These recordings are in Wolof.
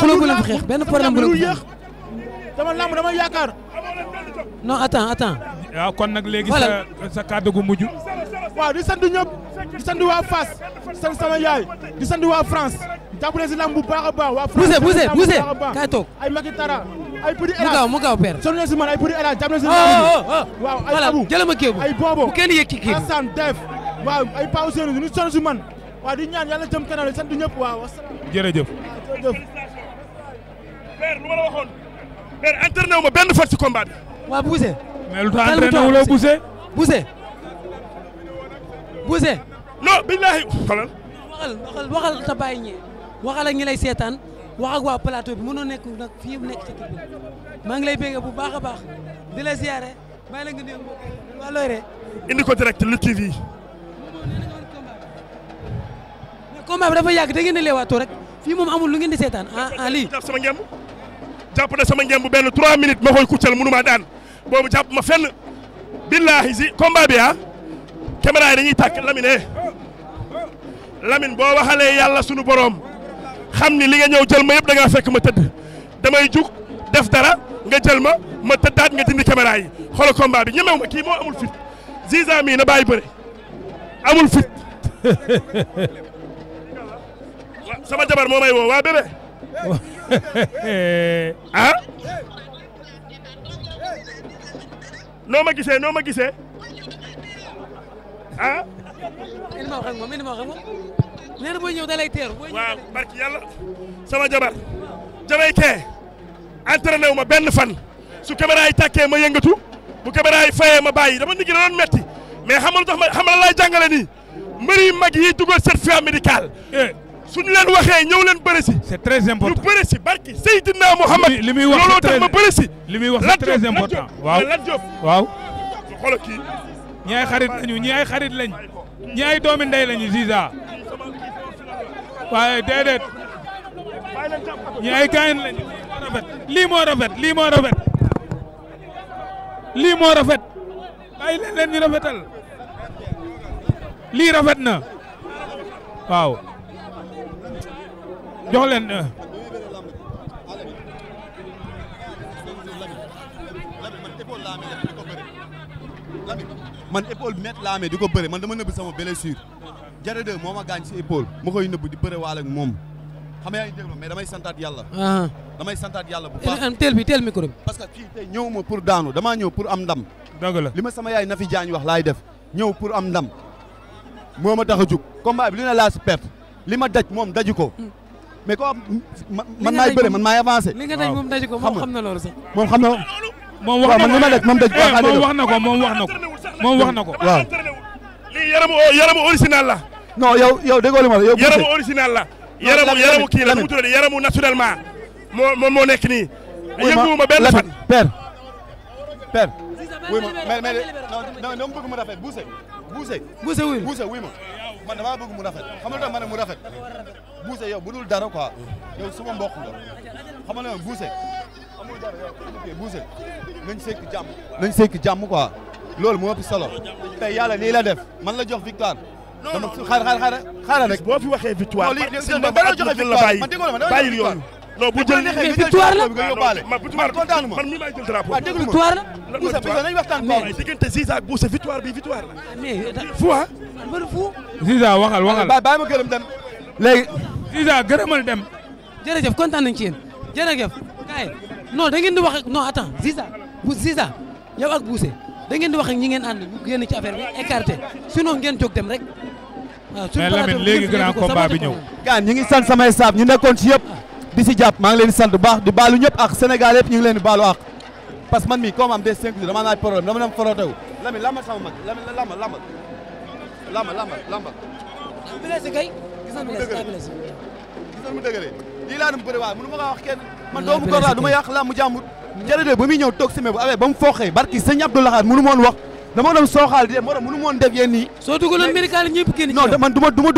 xuloo leen fi xeex benn problème bu leen fi dama lamb dama yaakaar. non attends attends. waaw ah, kon nag léegi sa sa kàddu gu mujj. waaw di sant ñëpp di sant waa Fass di sama yaay di sant waa France jàppale si baax a baax. waa France bu a kaay toog ay Makitara ay petit Elage mu gaaw mu gaaw père. sonné si man ay petit Elage jàppale oh, oh, oh. waaw ay Abu bu kenn yëg ci waaw ay Pao Seydou ñu sonn si man waaw di ñaan yàlla jëm kanam di sant ñëpp jërëjëf. père lu ma la waxoon. père entraîné wu ma benn far ci combat bi. waaw Bousse. mais lu tax entraîné wu la Bousse. Bousse. Bousse. ta bàyyi ñi waxal ak ñi lay seetaan wax ak waa plateau bi mënoo nekk nag fii nekk ci kër maa ngi lay béggee bu baax a baax di la ziare bàyyi la nga dégg waa looy ree indi ko direct lu TV. mais combat bi dafa yàgg da ngeen di rek. fii moom amul lu ngeen di seetaan ah, ah lii. jàpp sama ngemb jàpp na sama ngemb benn 3 minutes ma koy kuccal mënu maa daan boobu jàpp ma fenn billahi si combat bi ah caméra yi dañuy tàkk Lamine eh. Lamine boo waxalee yàlla sunu borom xam ni li nga ñëw jël ma yëpp da ngaa fekk ma tëdd damay jug def dara nga jël ma ma tëddaat nga dindi caméra yi xoolal combat bi ñemew ma kii moo amul fit Ziza mii na bàyyi bëre amul fit. sama jabar moo may woo waa bébé ah noo ma gisee noo ma gise ah. indi ma wax ak moom indi ma wax ak moom nee na booy ñëw da lay teeru. waaw barki yàlla sama jabar. Jamaïcain entraîné wu ma benn fan su caméra yi tàkkee ma yëngatu bu caméra yi fayee ma bàyyi dama nit ñi da doon metti mais xam nga lu tax ma xam nga la laay suñu leen waxee ñëw leen bëri si. c'est très important ñu bëri si barki Seydina Mouhamad. li muy wax looloo tax ma bëri si. li muy wax c'est très important waaw Lat Diop waaw. xoolal kii. ñi ay xarit lañu ñi ay xarit lañ ñi ay doomi ndey lañu Ziza waaye déedéet ñi ay gaañ lañu lii moo rafet lii moo rafet lii moo rafet bàyyi leen leen lii rafet na waaw. jox leen euh, man épaule bi métti laa amee di ko bëre man dama nëbb sama blessure jare 2 moo ma gaañ si épaule ma koy nëbb di bëre waale moom xam nga yaa ngi damay santaat yàlla uh-huh. damay santaat yàlla bu baax micro parce que fii tey ñëw ma pour daanu damaa ñëw pour am ndam dëgg la li ma sama yaay Nafi Diagne wax laay def ñëw pour am ndam moo ma tax a jug combat bi li ne laa perte li ma daj moom daju ko hmm. mais ko man maay bëre man maay avancé. li nga na loolu sax. moom na moom wax na ko man moom daj eh, wax na ko moom wax na ko moom wax na ko. waaw. lii yaramu oh, yaramu original la. non yow yow déggoo li ma la yow. yaramu original la. yaramu yaramu kii la nu mu tuddati yaramu naturellement. moo moo nekk nii. yënguwuma benn fan père père. wuy ma mais mais non non bëgg ma rafet buuse. buuse buuse wuy ma. man damaa bëgg mu rafet xam nga ma ne mu rafet buuse yow bu dul dara ko yow suma mbokk nga xam nga ne buuse amul dara yow buuse nañ sekk jàmm nañ sekk jàmm quoi loolu moo ëpp solo tey yàlla lii la def man la jox victoire dama xaar xaar xaar a rek boo fi waxee victoire non bu jël mais victoire la man mii maay jël drapeau. waaw ah, déglu victoire la. victoire la. Ah, euh, fu ah. man fu. Ziza waxal waxal. Ah, ma dem. léegi. Ziza gërëmal dem. jërëjëf kontaan nañu ci yéen jërëjëf kaay non da ngeen di wax no non attends Ziza bu Ziza yow ak Boussa da ngeen di wax ak ñi ngeen ànd ñu génn ci affaire bi écarté sinon ngeen jóg dem rek. waaw suñu mais Lamine léegi ko combat bi ñëw. gaa ñi ngi sant samay saab ñu nekkoon ci yëpp di si jàpp maa ngi leen sant baax di baalu ñëpp ak Sénégal yëpp ñu ngi leen di baalu ak parce que man mii comme am des cinq jours dama naaj problème dama dem forote wu Lamine lambal sama mag Lamine lambal lambal lambal lambal lambal blessé kay gis nañ mu blessé gis nañ mu dëgëlee lii laa dum bëri waaye mënu ma kaa wax kenn man doomu koor laa du ma yàq laa mu jàmbur jërëjëf ba muy ñëw toog si me bu awee ba mu fooxee barki sëñ Abdou Lahad mënu moon wax dama doon sooxaal di dem moo tax mënu moon def yéen nii soo dugaloon médical ñëpp génn non man du ma du man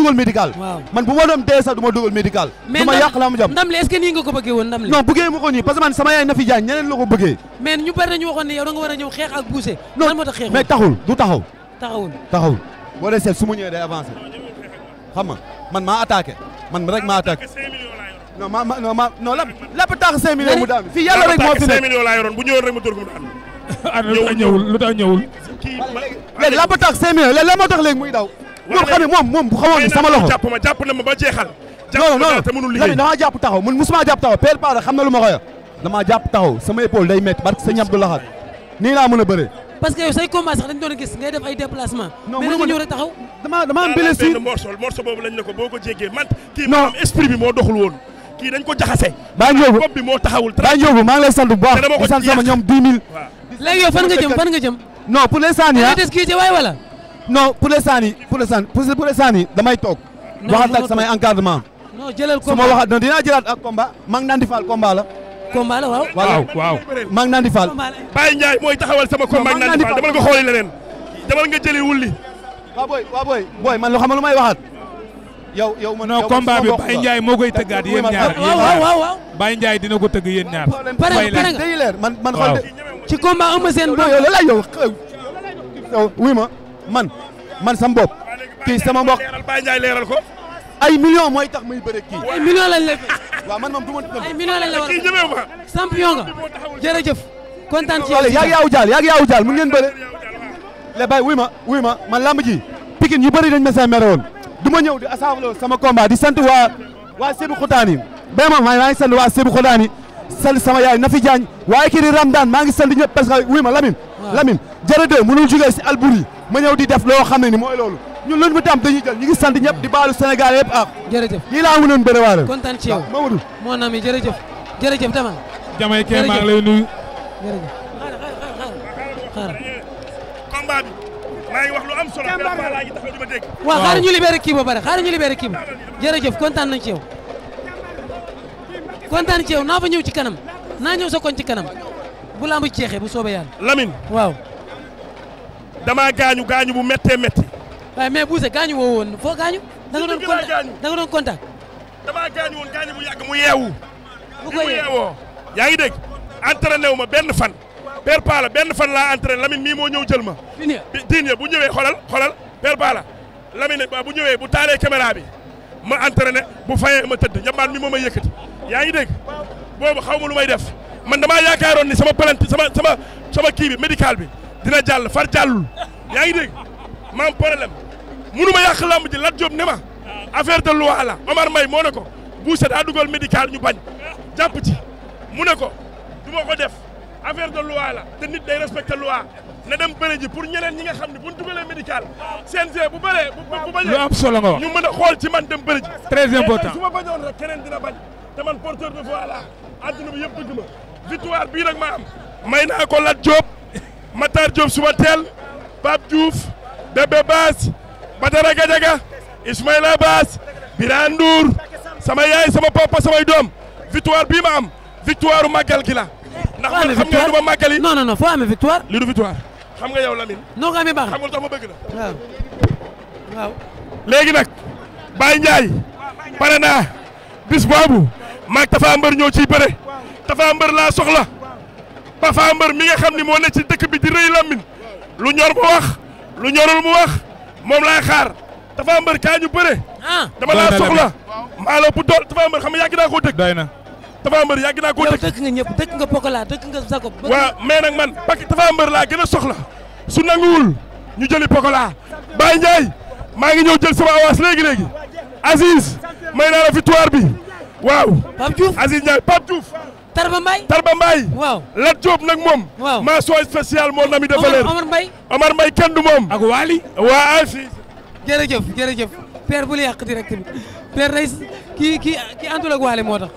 bu ma doon dee sax du ma dugal médical du ma ndam li est nii nga ko bëggee woon ndam li non bëggee ma ko nii parce que man sama yaay na fi jaañ ñeneen la ko bëggee mais ñu bari nañu waxoon ne yow da nga war a ñëw xeex ak buuse lan moo tax taxul du taxaw taxawul boo dee seet su ma ñëwee day man maa attaqué man rek maa attaqué non ma ma non ma non tax 5 millions mu yoroon bu ñëwoon rek mu dóor mu daan ñëwul kii léegi la ba tax 5 millions léegi la moo tax léegi muy daw. loolu xam ne moom moom bu xamoon sama loxo jàpp ma jàpp na ma ba jeexal. jàpp ma te mënul liggéey non non damaa jàpp taxaw man mosuma jàpp taxaw na lu ma koy wax. damaa jàpp taxaw sama épaule day métti barke sëñ Abdou Lahad nii laa mën a bëree. parce que yow say moo doxul woon. kii dañ ko jaxase. baa njóobu maa ngi lay sant di sant sama ñoom 10 000. léegi yow fan nga jëm fan nga jëm non pour l'instant nii ah da ngay des waay pour l'instant nii pour l'instant damay toog. waxat ak samay encadrement. non jëlal combat su ma waxaat dinaa jëlaat ak komba maa ngi naan faal combat la. combat la waaw. waaw waaw maa ngi naan di faal. Baye Ndiaye mooy taxawal sama combat naan di faal demal nga xooli leneen. demal nga jëli wulli. waaw booy waaw booy booy man loo xam ne lu may waxaat. yow yow man non combat bi Baye Ndiaye moo koy tëggaat yéen ñaar yéen ñaar Baye Ndiaye dina ko tëgg yéen ñaar. pare pare nga man man xool ci combat Eumeu Sène boobu yow la yow yow wuy ma man man sam bopp kii sama mbokk Baye Ndiaye leeral ko ay millions mooy tax muy bëre kii ay millions la waaw man moom du ma ay millions lañ la war a champion nga jërëjëf kontaan ci yow yaa ngi yaaw jaal yaa ngi yaaw jaal mu ngeen bëre le bay wuy ma wuy ma man lamb ji Pikine ñu bëri dañ ma sa mere woon du ma ñëw di assemblée sama combat di sant waa waa Sébikotane yi vraiment maa ngi sant waa Sébikotane yi sal sama yaay Nafi Diagne waaye kii di maa ngi sant ñëpp parce que wuy ma Lamine. Lamine jërë de mënul jugee si Albouri ma ñëw di def loo xam ne ni mooy loolu ñun luñ mu tam dañuy jël ñu ngi sant ñëpp di baalu Sénégal yëpp ah. jërëjëf lii laa mënoon bëre waale. kontaan ci yow Mamadou. mon ami jërëjëf jërëjëf dama. jamay kee maa ngi lay nuyu. jërëjëf xaaral combat bi maa ngi ñu libéré kii ba pare xaaral ñu libéré kii ba jërëjëf kontaan nañ ci yow kontaan ci yow naa fa ñëw ci kanam naa ñëw sa koñ ci kanam bu lamb ci jeexee bu soobee yàlla. Lamine waaw. damaa gaañu gaañu bu méttee métti. waaye mais Bousse gaañu woo woon foo gaañu. da nga doon contact da nga doon contact. damaa gaañu woon gaañu bu yàgg mu yeewu. bu ko yeewoo yaa ngi dégg entraîné wu ma benn fan. Père Pala benn fan laa entraîné Lamine mii moo ñëw jël ma. diine bu ñëwee xolal xolal Père Pala Lamine bu ñëwee bu taalee caméra bi ma entraîné bu fayee ma tëdd ñambaat mi mo ma yëkkati. yaa ngi dégg boobu xaw ma lu may def man damaa yaakaaroon ni sama plainte sama sama sama kii bi médical bi dina jàll far jàllul yaa ngi dégg ma am problème munu ma yàq lamb ji Lat Diop ne ma affaire de loi la Omar may moo ne ko Boucher daa dugal médical ñu bañ jàpp ci mu ne ko du ma ko def affaire de loi la te nit day respecté loi na dem bëre ji pour ñeneen ñi nga xam ne bu ñu dugalee médical CNG bu bëree bu bu bañee lu am solo nga wax ñu mën a xool ci man dem bëre ji très important su ma bañoon rek keneen dina te man porteur de voix laa àdduna bi ma victoire bii nag ma am may naa ko Lat Diop Matar Diop suba teel Pape Diouf Bébé Baas Badara Gadiaga Ismaïla Baas Birane Ndour sama yaay sama papa samay doom victoire bii ma am victoire u màggal gi ndax man xam nga du ma màggali non non victoire li victoire xam nga yow la noo ko amee nga tax ma bëgg la waaw waaw léegi nag Baye bis boobu maag Tapha Mbeur ñoo ciy bëre Tapha Mbeur laa soxla Tapha Mbeur mi nga xam ni moo nekk ci dëkk bi di rëy lammin lu ñor mu wax lu ñorul mu wax moom laay xaar Tapha Mbeur kaa ñu bëre. Ah. dama laa soxla maa la bu dool Tapha Mbeur xam nga yàgg naa koo dëkk. doy na Tapha Mbeur yàgg dëkk. dëkk nga ñëpp dëkk nga Pokola dëkk nga Zakob. waaw mais nag man parce que Tapha Mbeur laa gën a soxla su nanguwul ñu jëli Pokola Baye Ndiaye maa ngi ñëw jël sama avance léegi léegi Aziz may naa la bi. waaw. Pape Diouf Aziz Ndiaye Pape Diouf. Tarba Mbaye Tarba Mbaye. waaw Lat Diop nag moom. waaw mention spéciale moo nami dafa leen Omar Mbaye. Omar Mbaye kenn du moom. ak Waly. waa si. jërëjëf jërëjëf père bu la yàq direct bi père Reis kii kii kii àndul ak Waly moo tax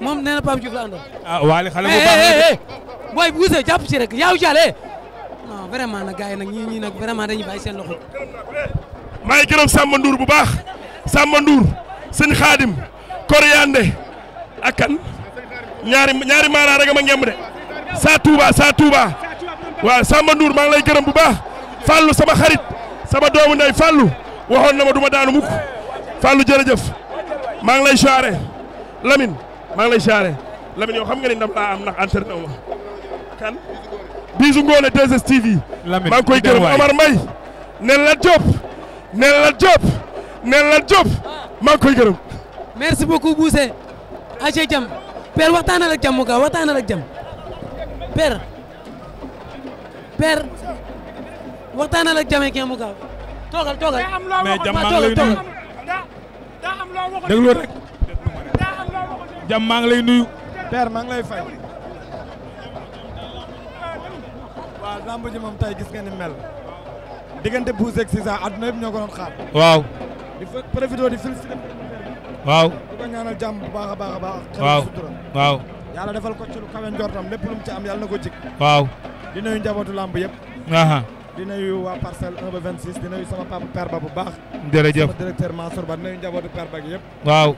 moom nee na Pape Diouf la àndal. ah Waly xale bu eh, baax eh, eh, booy bu gisee jàpp ci rek yaaw jàllee non vraiment na gars yi nag ñii ñii nag vraiment dañuy bàyyi seen loxo. maa ngi gërëm Samba Ndour bu baax Samba Ndour sëñ Xaadim Koriandé ak kan ñaari ñaari maara rek ma ngemb de saa Touba saa Touba waaw Samba Ndour maa ngi lay gërëm bu baax Fallou sama xarit sama doomu ndey Fallou waxoon na ma du ma daanu mukk Fallou jërëjëf maa ngi lay siyaare Lamine maa ngi lay siyaare Lamine yow xam nga ni ndam laa am ndax entraîné ma kan bisu ngoone 2STV maa ngi koy gërëm Omar Mbaye nel la Diop nel la Diop nel la Diop maa ngi koy gërëm merci beaucoup Bousse ace jam père waxtaanal ak jam mu gaaw waxtaanal ak jam père père waxtaanal ak jame mu gaaw toogal toogal mais jam maa ngi lay nuyu déglu rek maa ngi lay nuyu fay waaw lamb ji moom tey gis nga ni mel diggante Bousse ak Ziza adduna yëpp ñoo ko waaw waaw di ko ñaanal jàmm bu baax a baax a baax. waaw waaw yàlla defal ko ci lu kawe njortam lépp lu mu ci am yàlla na ko jik waaw dina nuyu njabootu làmb yëpp. di nuyu waa parcelle 1 ba 26 di nuyu sama papa Père Ba bu baax. jërëjëf sama directeur Mansour Ba di nuyu njabootu Père Ba gi yëpp. waaw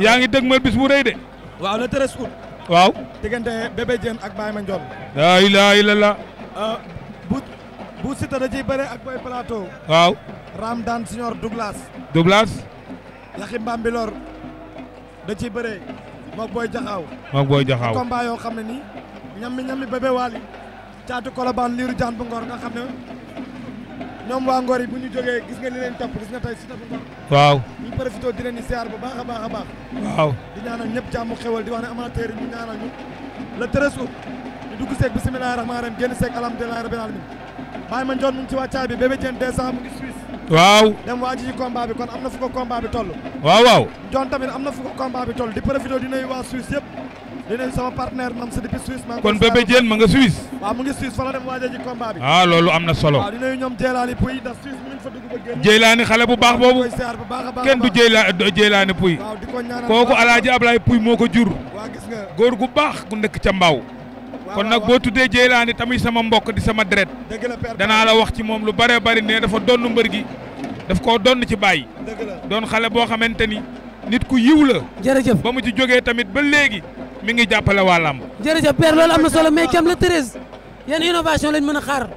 yaa ngi dëgmal bis bu rëy de. waaw le 13 août. waaw diggante Bébé Diène ak Baye Mandione. laa ilaaha illallaah. Euh, bu bu Siteu da ciy bëre ak Boy Plateau. waaw Ramdan Signor Douglas. Douglas. Laxi Bambilor da ci bëree moog booy jaxaaw moog booy jaxaaw combat yoo xam ne nii ñammi ñammi bébé waali caatu kolobaan liiru jaan bu ngor nga xam ne ñoom waa ngor yi bu ñu jógee gis nga li leen topp gis nga tey si tabu ngor waaw ñu profité di leen di bu baax a baax a baax waaw di ñaanal ñëpp jàmm xewal di wax ne a yi ñu ñaanal ñu le treize août ñu dugg seeg bisimilahi rahmaani rahim génn seeg alhamdulilahi rabbil ma njoon mu ci wàccaay bi bébé jeen deux cent mu ngi Suisse waaw dem waa ji combat bi kon am na fu ko combat bi toll waaw waaw John tamit am na fu ko combat bi toll di profité di nuyu waa Suisse yëpp di nuyu sama partenaire man sa depuis Suisse maa kon Bébé Diène ma nga Suisse waaw mu ngi ah, loolu am na solo waaw di nuyu ñoom Jeylaani Pouy da Suisse mu ngi fa dugg ba génn Jeylaani xale bu baax boobu kenn du Jeyla Jeylaani Pouy kooku Alaaji Ablaye Pouy moo ko jur góor gu baax gu nekk ca mbaaw kon nag boo tuddee Jeylaani tamit sama mbokk di sama deret danaa la wax ci moom lu bëree bëri ne dafa donn mbër gi daf koo donn ci bàyyi doon xale boo xamante ni nit ku yiw la jërëjëf ba mu ci jógee tamit ba léegi mi ngi jàppale waa làmb jërëjëf père loolu am na solo mais jam la treize yan innovation lañ mën a xaar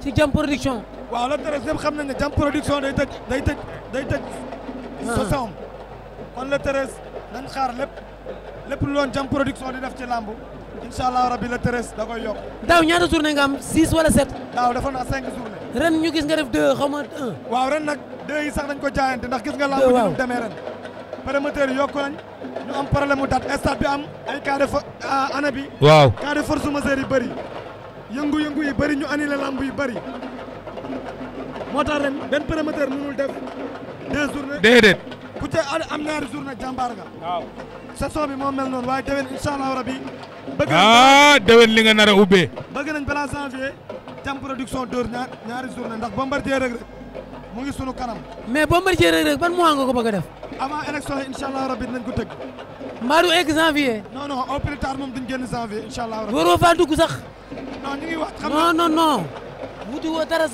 ci jam production waaw la treize yëpp xam nañ ne jam production day tëj day tëj day tëj sosom ah. kon la treize dañ xaar lépp lépp lu doon jam def ci làmb incha allah rabi le treize da koy yokk. daaw ñaata journée nga am six wala sept. daaw dafa naa cinq journée. ren ñu gis nga def deux xaw ma un. waaw ren nag deux yi sax dañ ko jaayante ndax gis nga. waaw làmb ji ñu demee ren. promoteur yi yokku nañ ñu am problème mu date stade bi am ay cas de euh, ana bi. waaw cas de force majeure yu bëri. yëngu-yëngu yi bëri ñu annulé lamb yu bëri. moo tax ren benn promoteur mënul def deux journées. déedéet. ku te am ñaari jour na jàmbaar nga waaw saison bi moo mel noonu waaye déwén incha allah rabi bëgg ah li nga nar a ubbee bëgg nañ balaa janvier jam production dóor ñaar ñaari jour na ndax bombardier rek rek mu ngi sunu kanam mais bombardier rek rek ban mois nga ko bëgg a def avant élection yi incha allah rabi dinañ ko tëgg mbaa du egg janvier non non au plus tard moom duñ génn janvier incha allah rabi waroo faa dugg sax non ñu ngi wax xam non non wuti woo dara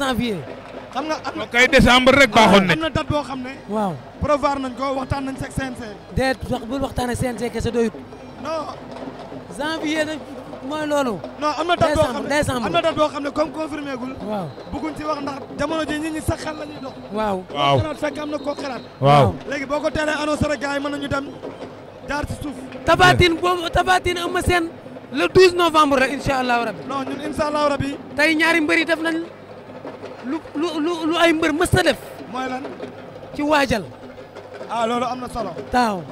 xam nga am na kay décembre rek baaxoon nañ. am na date boo xam ne. waaw prévoir nañ ko waxtaan nañ ak CNG. déet wax bul waxtaan ak CNG kese doyut. non. janvier nag mooy loolu. non am na date boo xam ne décembre am xam ne comme confirmé gul. waaw bëgguñ ci wax ndax jamono ji nit ñi sax xel la ñuy dox. waaw waaw xalaat fekk na koo xalaat. waaw léegi boo ko teelee annoncé rek gars yi na nañu dem jaar ci suuf. tabatin boobu tabatin am na seen le 12 novembre rek incha allahu rabi. non ñun incha allahu rabi. tey ñaari mbëri def nañ. lu lu lu ay mbër mës def. mooy lan. ci waajal. ah loolu am na solo. taaw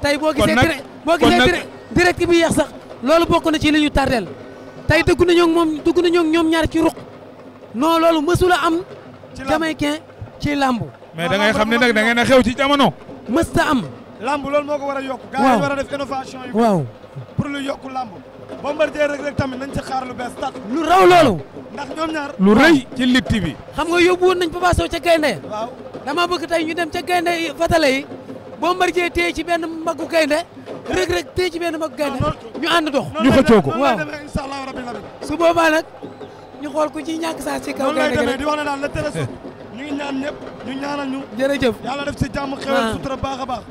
tey boo gisee. kon boo gisee direct bi yeex sax. loolu bokk na ci li ñu tardeel tey dugg nañoo moom dugg nañoo ñoom ñaar ci ruq non loolu mësula am. ci lamb jamaïcain ci lamb. mais da ngay xam ne nag da ngeen xew ci jamono. mës ta am. lamb loolu moo ko war a yokk. waaw war a def innovation yi. waaw pour lu yokk lamb. Bombardier rek rek tamit nañ ci xaar lu bees tax. lu raw loolu. ndax ñoom ñaar. lu rëy ci litti bi. xam nga yóbbu woon nañ Papa Sow ca gaynde. waaw dama bëgg tey ñu dem ca gaynde yi fatale yi. Bombardier téye ci benn mbaggu gaynde. rek rek téye ci benn mbaggu gaynde. ñu ànd dox ñu xëccoo ko waaw. su boobaa nag ñu xool ku ci ñàkk saa si kaw gaynde gi rek. di wax ne daal la ñu ngi ñaan ñëpp ñu ñaanal ñu. jërëjëf yàlla def si jàmm xewal ah. sutura baax a baax.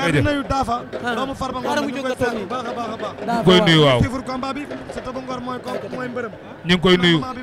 kay dinañu daafa. doomu farba ngoor ñu koy sànni baax a baax a baax. ñu ngi koy nuyu waaw. combat bi sa taba ngoor mooy ko ñu ngi koy nuyu